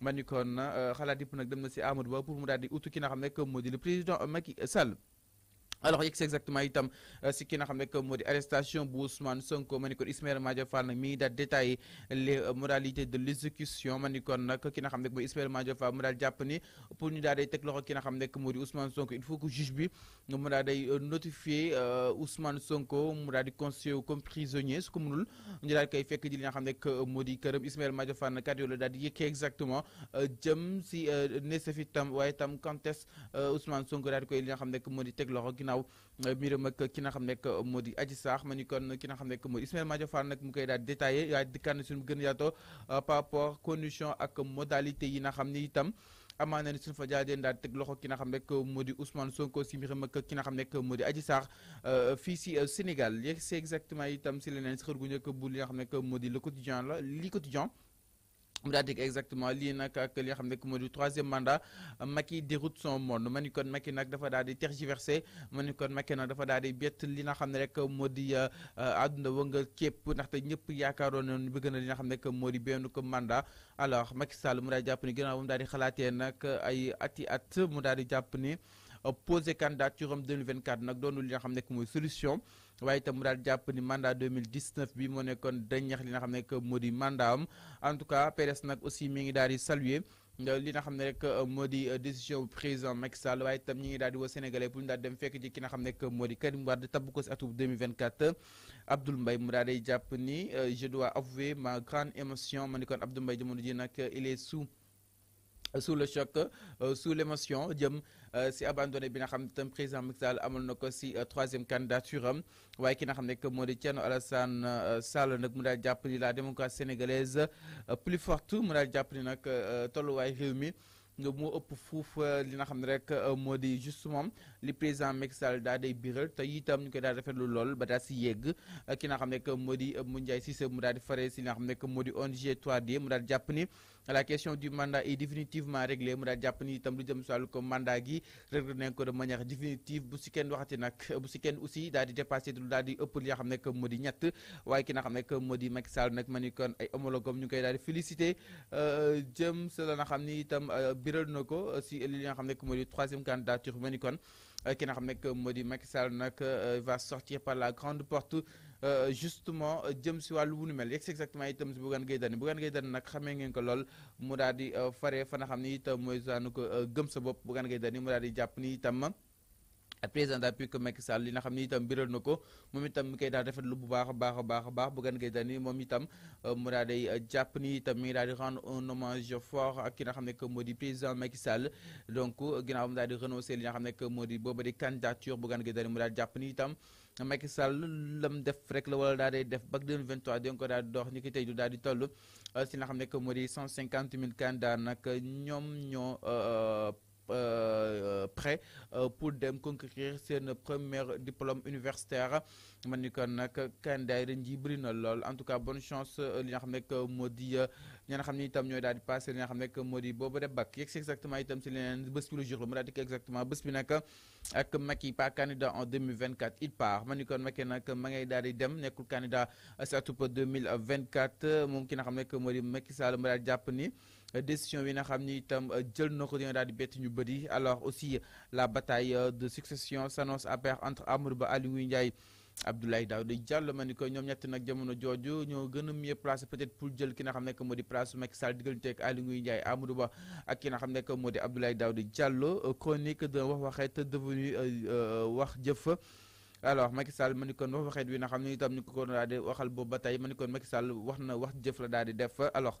ma ni kon euh, xalaat yëpp nag dem na si Amadou Ba pour mu daal di utu ki nga xam ne moo di le président Macky Sall. alors yegg si exactement itam euh, si ki nga xam ne que moo di arrestation bu Ousmane Sonko ma ni kon Ismaïla Madior Fall nag mi daal détaillé les euh, de l' exécution ma ni kon nag ki nga xam ne mooy Ismaïla Madior Fall mu daal jàpp ni moo di Ousmane Sonko il faut que juge bi mu daal day euh, notifier Ousmane këram Ismaïla Madior Fall nag kàddu la daal di yëkkee exactement jëm si ne sa waaye tam quand est Sonko daal di koy li nga xam ne moo teg loxo ginnaaw euh, mbiram ak ki na xam nekk euh, moo di Adji Sarr ma ni kon ki na xam nekk moo di Ismaïla Madior Fall nag mu koy daal détaillé yaa dikkaan suñu gën yaatoo euh, par rapport condition ak modalité yi nga xam ni itam amaan na ni suñu fa jaadeen daal teg loxo ki na xam nekk moo di Ousmane Sonko si mbiram ak ki na xam nekk moo di Adji Sarr fii si Sénégal c'est exactement itam si leneen si xër gu njëkk bu li nga xam nekk moo di le quotidien la li quotidien mu daal dégg exactement lii nag ak li nga xam ne moo di troisième mandat Macky déroute son monde ma ni kon Macky nag dafa daal di tergiversé ma ni kon Macky nag dafa daal di bett li nga xam ne rek moo di euh, euh, àdduna wëngal képp ndaxte ñëpp yaakaaroon nañu bëgg na li nga xam ne moo di benn ko mandat alors Macky Sall mu daal di jàpp ni ginnaaw mu daal di xalaatee nag ay ati at mu daal di jàpp ni posé candidature am 2024 nag doonu li nga xam ne mooy solution. waaye itam mu daal jàpp ni mandat 2019 bi moo nekkoon dañax li nga xam ne que moo di mandat am en tout cas PDS nag aussi mi ngi daal di saluer li na xam ne rek euh, moo di euh, décision président Macky Sall waaye itam ñi ngi daal di woo sénégalais pour ñu daal dem fekk ci ki nga xam ne moo di Karim Wade tabb ko si atum 2024 Abdoul Mbaye mu daal di jàpp ni euh, je dois avouer ma grande émotion ma ni kon Abdoul Mbaye jamono ji nag il sous Euh, sous le choc euh, sous l'émotion jëm euh, si abandonné bi nga xam ne tam président Macky Sall na ko si troisième candidature am waaye ki na xam ne que moo di Thierno Alassane Sall nag mu daal jàpp ni la démocratie sénégalaise plus forte mu daal jàpp ni nag tolluwaay réew mi nga moo ëpp fuuf li na xam ne rek moo di justement li président Macky Sall daa day biral te itam ñu koy daal rafetlu lool ba daal si yegg ki nga xam ne que moo di Moundiaye mu daal di fare si li moo di ONG 3D mu daal jàpp ni la question du mandat est définitivement réglée mu daal jàpp ni itam lu jëm si wàllu ko mandat gi réglé nañ ko de manière définitive bu si kenn si kenn aussi daal di dépassé lu daal di ëpp li nga xam ne que moo di ñett waaye ki nga xam ne que moo di Macky Sall nag ma ni kon koy daal di euh, jëm si la xam ni itam euh, biral na ko si li nga xam ne que moo di troisième candidature ma ni kon Euh, ki nga xam nekk moo di Macky Sall nag euh, va sortir par la grande porte euh, justement jëm si wàllu wu nu mel yegg si exactement itam si Bougane Gueye Dany Bougane Gueye Dany nag xamee ngeen ko lool mu daal di fare fa xam ni itam mooy daanu ko gëm sa bopp Bougane Gueye Dany mu daal di jàpp ni itam. président daal puisque Macky Sall li nga xam ni itam biral na ko moom itam mi koy daal rafetlu bu baax a baax a baax a baax Bougane Gueye Dany moom itam euh, mu daal day euh, jàpp ni itam mi ngi daal di rendre un ki nga xam ne que moo di président Macky Sall donc euh, ginnaaw mu daal li nga xam ne moo di booba di candidature Bougane Gueye Dany mu daal jàpp ni itam Macky lam def rek la wala daal day def ba 2023 di nga daal di dox ni ki tey du daal di toll si nga xam ne que moo di 150 000 candidats nag ñoom ñoo Euh, euh, prêt euh, pour dem conquérir seen première diplôme universitaire man ni kon nag candidat yi dañ ji bëri na lool en tout cas bonne chance li nga xam nekk moo di ñi nga xam ne itam ñooy daal di passé li nga xam nekk moo di boobu de bac yegg si exactement itam si leneen bés bi lu jour la mu daal di ko exactement bés bi nag ak Macky pas candidat en 2024 il part ma ni kon Macky nag ma ngay daal di dem nekkul candidat sa tup 2024 moom ki nga xam ne moo di Macky Sall ma daal jàpp ni décision bi na xam ni itam jël na ko dina daal di bett ñu bët yi alors aussi la bataille de succession s'annonce à pair entre Amadou Ba Aliou Ndiaye Abdoulaye Daouda Diallo ma ni ko ñoom ñett nag jamono jooju ñoo gën a mieux placé peut-être pour jël ki nga xam nekk moo di ma Macky Sall diggante ak Aly Ngouille Ndiaye Amadou Ba ak ki na xam nekk moo di Abdoulaye Daouda Diallo euh, chronique de wax waxeet devenu euh, euh, wax jëf fa alors Macky Sall ma ni kon wax waxeet wi na xam ne itam ñu ko ko di waxal boobu ba tey ma ni kon Macky Sall wax na wax jëf la daal di def fa alors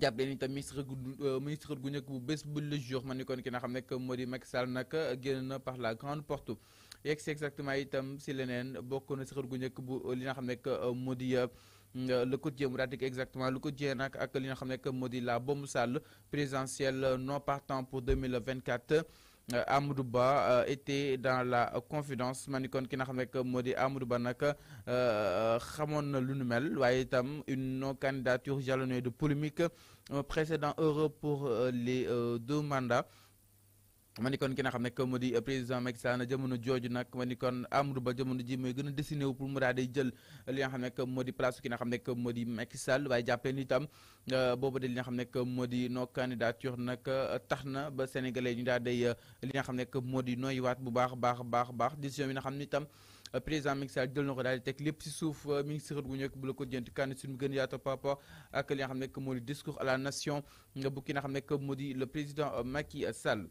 jàppale ni tamit ministre gu euh, ministre gu njëkk bu bés bu le jour ma ni kon ki nga xam nekk moo di Macky Sall nag génn na par la grande porte yegg si exactement itam si leneen bokk na si xër gu njëkk bu li nga xam nekk euh, moo di ko euh, quotidien mu daal exactement lu ko quotidien nag ak li nga xam nekk moo di la bombe Sall présidentielle non partant pour 2024 Euh, Amadou Ba euh, était dans la euh, confidence ma ki na xam ne moo di Amadou Ba nag xamoon na lu nu mel waaye itam une non candidature jalonnée de polémique précédent heureux pour les deux mandats. ma ni kon ki xam ne moo di euh, président Macky Sall jamono jooju nag ma ni kon Amadou Ba jamono ji mooy gën a dessiné wu pour mu jël li nga xam moo di place ki nga xam ne moo di Macky Sall waaye jàppee ni itam euh, boobu de li xam ne moo di noo candidature nag euh, tax na ba sénégalais ñu daal di li nga xam ne moo di noyyiwaat bu baax baax baax baax décision bi nga xam ni itam président Macky Sall jël na ko daal teg lépp si suuf mi ngi si xët gu ñëkk bu la ko jënti kànn xam ne moo di discours à la nation bu ki nga xam ne moo di le président Macky sal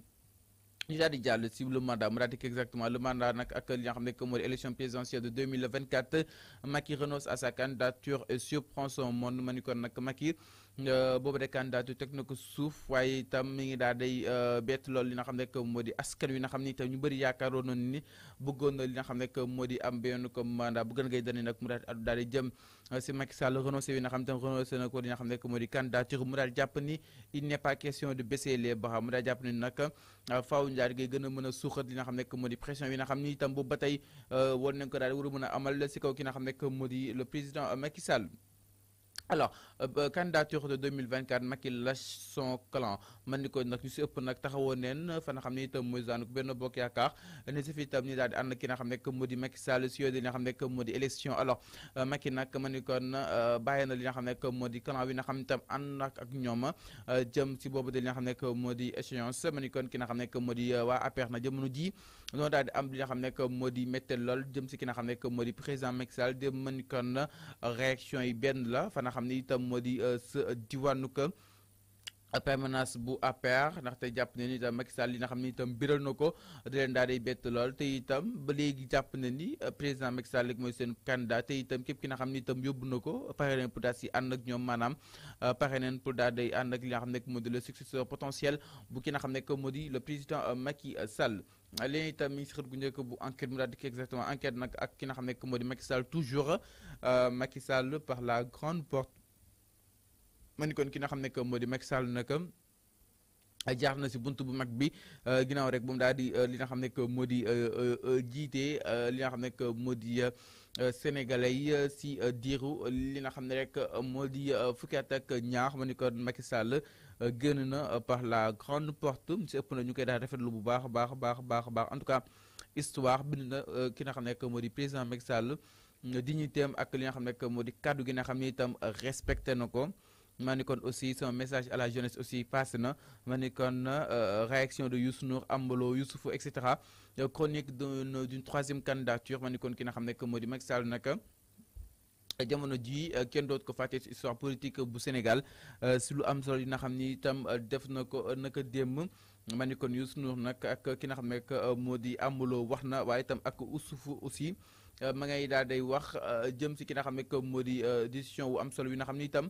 ñu daal di jàll si le mandat mu ratique exactement le mandat nag ak li nga xam ne que mooy élection présidentielle de 2024 Macky renonce à sa candidature et surprend son monde ma ni kon Euh, boobu rek candidature teg na ko suuf waaye itam mi ngi daal day euh, bett lool li nga xam ne moo askan wi nga xam ne itam ñu bëri yaakaaroon nañu ni bëggoon na li nga xam moo di am benn comme mandat euh, xam ne tam na ko ne moo di candidature mu daal jàpp ni il n'est a mën a xam ne moo di pression yi nga xam ni itam boobu ba tey woon nañ ko daal war a mën a amal si kaw ki na xam ne moo di le président Macky Sall alors euh, candidature de 2024 Macky lâche son clan man ni ko nag ñu si ëpp nag taxawoon neen fa nga xam ne itam mooy daanaka benn bokk yaakaar ne si fi itam ñu daal di ànd ki nga xam ne moo di Macky Sall si yooyu li nga xam ne moo di élection alors euh, Macky nag man ni kon euh, bàyyi na li nga xam ne moo di clan wi nga xam ne itam ànd ak ak ñoom jëm si boobu de li nga xam ne moo di échéance man ni kon ki nga xam ne moo di waa APR na jamono ji noonu daal di am li nga xam ne moo di méttel lool jëm si ki nga xam ne moo di président Macky Sall de man ni kon réaction yi benn la nga xam ne itam moo di euh, sa diwaanu permanence bu APR ndaxte jàpp ne ni tam Macky Sall li na xam ne itam biral na ko di leen daal bett lool te itam ba léegi jàpp na ni euh, président Macky Sall rek mooy seen candidat te itam képp ki nga xam ne itam yóbbu na ko pare nañ pour daal si ànd ak maanaam euh, pare nañ pour daal ak li nga xam ne moo di le successeur potentiel bu ki nga xam ne moo di le président euh, Macky Sall. léegi itam mi ngi si xët gu njëkk bu enquête mu daal di exactement enquête nag ak ki nga xam ne moo di Macky Sall toujours Macky Sall par la grande porte. ma ni kon ki na xam ne que moo di Macky Sall nag euh, jaar na si bunt bu mag bi euh, ginnaaw rek bu mu daal di euh, li nga xam ne que moo di jiite li nga xam ne que moo di sénégalais yi si diiru li nga xam ne rek moo di fukki at ak ñaar ma ni kon Macky Sall génn na par la grande porte si ëpp na ñu koy daal lu bu baax a baax baax baax baax en tout cas histoire bind na ki nga xam ne que moo di président Macky Sall dignité am ak li nga xam ne que moo di kàddu gi na xam ne itam respecté na ko. ma ni kon aussi sama message à la jeunesse aussi passe na ma ni kon euh, réaction de Youssou Nour Ambalo Youssoufou et cetera euh, chronique d'une d'une troisième candidature ma ni kon ki nga xam ne moo di Macky Sall nag euh, jamono ji kenn doot ko fàtte ci histoire politique bu Sénégal si lu am solo yi nga xam ni itam def na ko naka démb ma ni kon Youssou nag ak ki xam ne moo di Ambalo wax na waaye itam ak Youssoufou aussi ma ngay daal day wax jëm si ki nga xam ne moo di décision wu am solo yi na xam ni itam.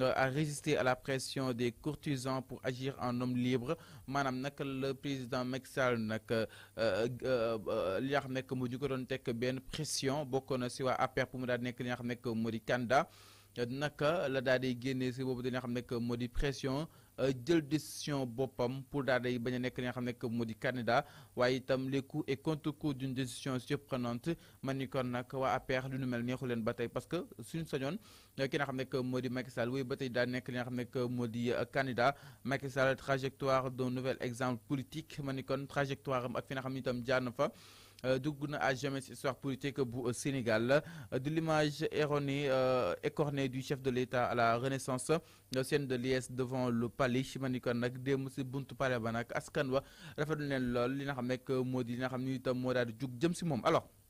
a résisté à la pression des courtisans pour agir en homme libre maanaam nag la président Macky Sall nag euh, euh, euh, li nga xam nekk mu ñu ko doon tekk benn pression bokk na si waa APR pour mu daal nekk li nga xam nekk moo di candidat naka la daal di génnee si boobu dañoo xam nekk moo di pression Euh, jël décision boppam pour daal day bañ a nekk li nga xam ne moo di candidat waaye itam les coups et contre-coups d'une décision surprenante man ni kon nag waa APR lu nu mel neexu leen ba tey parce que suñu sañoon euh, ki nga xam ne moo di Macky ba tey daa nekk li nga xam ne moo di euh, candidat Macky Sall trajectoire d'un nouvel exemple politique man ni kon trajectoire am ak fi nga xam ne itam jaar fa Euh, dugg na à jamais histoire politique bu euh, Sénégal euh, de l'image erronée écornée du chef de l'État à la Renaissance scène de liesse devant le palais ma nag démb si buntu palais ba nag askan wa rafetlu leen lool li nga xam nekk moo di li nga xam ni itam moo daal di jug jëm si moom alors